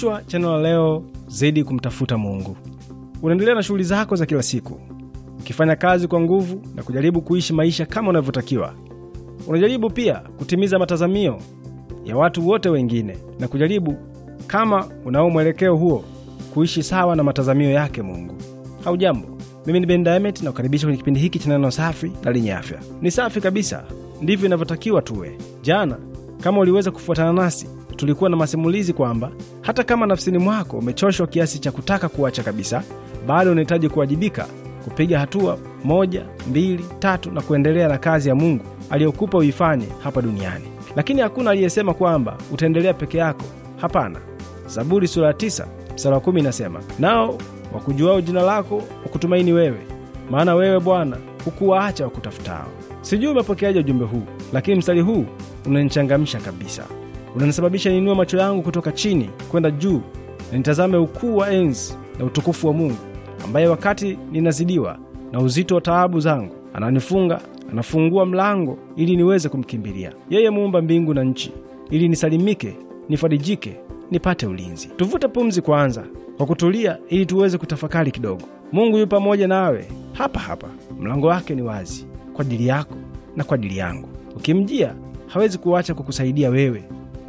Kichwa cha neno la leo, zaidi kumtafuta Mungu. Unaendelea na shughuli zako za kila siku, ukifanya kazi kwa nguvu na kujaribu kuishi maisha kama unavyotakiwa. Unajaribu pia kutimiza matazamio ya watu wote wengine na kujaribu, kama unao mwelekeo huo, kuishi sawa na matazamio yake Mungu. Haujambo, mimi ni Ben Dynamite na kukaribisha kwenye kipindi hiki cha neno safi na lenye afya. Ni safi kabisa, ndivyo inavyotakiwa tuwe. Jana kama uliweza kufuatana nasi tulikuwa na masimulizi kwamba hata kama nafsini mwako umechoshwa kiasi cha kutaka kuacha kabisa, bado unahitaji kuwajibika, kupiga hatua moja, mbili, tatu na kuendelea na kazi ya Mungu aliyokupa uifanye hapa duniani. Lakini hakuna aliyesema kwamba utaendelea peke yako. Hapana. Zaburi sura ya tisa mstari wa kumi inasema, nao wakujuao jina lako wakutumaini wewe, maana wewe Bwana hukuwaacha wakutafutao. Sijui umepokeaje ujumbe huu, lakini mstari huu unanichangamsha kabisa unanisababisha niinue macho yangu kutoka chini kwenda juu na nitazame ukuu wa enzi na utukufu wa Mungu, ambaye wakati ninazidiwa na uzito wa taabu zangu, ananifunga anafungua mlango ili niweze kumkimbilia yeye, muumba mbingu na nchi, ili nisalimike, nifarijike, nipate ulinzi. Tuvute pumzi kwanza kwa kutulia, ili tuweze kutafakari kidogo. Mungu yu pamoja nawe hapa hapa, mlango wake ni wazi kwa ajili yako na kwa ajili yangu. Ukimjia hawezi kuacha kukusaidia wewe